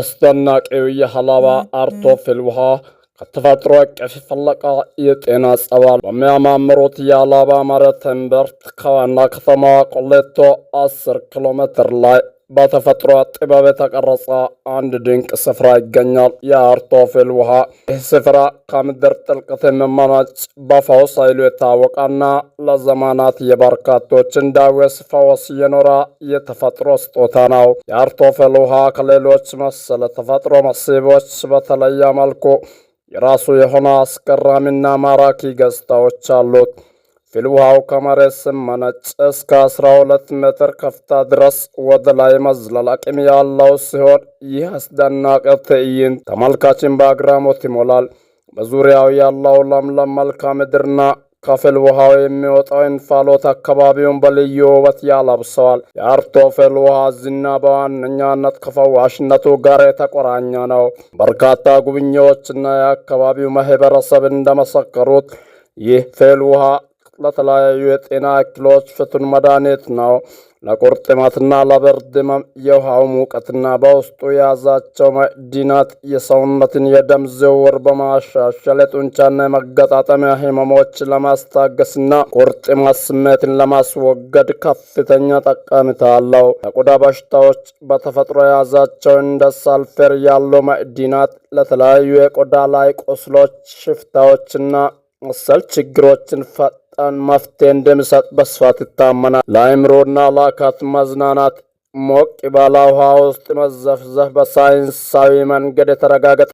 አስደናቂው የሀላባ አርቶፊል ውሃ ከተፈጥሮ አቀፍ ፈለቃ የጤና ጸባል በሚያማምሩት የሀላባ መሬት ትንብርት ከዋና ከተማዋ ቆሌቶ 10 ኪሎ ሜትር ላይ በተፈጥሮ ጥበብ የተቀረጸ አንድ ድንቅ ስፍራ ይገኛል። የአርቶፊል ውሃ። ይህ ስፍራ ከምድር ጥልቀት የሚመነጭ በፈውስ ኃይሉ የታወቀና ለዘመናት የበርካቶች ዳዌ ሲፈውስ የኖረ የተፈጥሮ ስጦታ ነው። የአርቶፍል ውሃ ከሌሎች መሰል ተፈጥሮ መስህቦች በተለየ መልኩ የራሱ የሆነ አስገራሚና ማራኪ ገጽታዎች አሉት። ውሃው ከመሬት ስመነጭ መነጭ እስከ 12 ሜትር ከፍታ ድረስ ወደ ላይ መዝለል አቅም ያለው ሲሆን ይህ አስደናቂ ትዕይንት ተመልካችን በአግራሞት ይሞላል። በዙሪያው ያለው ለምለም መልክዓ ምድርና ከፍል ውሃው የሚወጣው እንፋሎት አካባቢውን በልዩ ውበት ያላብሰዋል። የአርቶፍል ውሃ ዝና በዋነኛነት ከፈዋሽነቱ ጋር የተቆራኘ ነው። በርካታ ጉብኚዎችና የአካባቢው ማህበረሰብ እንደመሰከሩት ይህ ፍል ውሃ ለተለያዩ የጤና እክሎች ፍቱን መድኃኒት ነው። ለቁርጥማትና ለብርድ ህመም የውሃው ሙቀትና በውስጡ የያዛቸው ማዕድናት የሰውነትን የደም ዝውውር በማሻሻል የጡንቻና የመገጣጠሚያ ህመሞች ለማስታገስና ቁርጥማት ስሜትን ለማስወገድ ከፍተኛ ጠቀሜታ አለው። ለቆዳ በሽታዎች በተፈጥሮ የያዛቸው እንደ ሳልፌር ያሉ ማዕድናት ለተለያዩ የቆዳ ላይ ቁስሎች፣ ሽፍታዎችና መሰል ችግሮችን ፈጣን መፍትሄ እንደሚሰጥ በስፋት ይታመናል። ለአእምሮና ለአካት መዝናናት ሞቅ ባለ ውሃ ውስጥ መዘፍዘፍ በሳይንሳዊ መንገድ የተረጋገጠ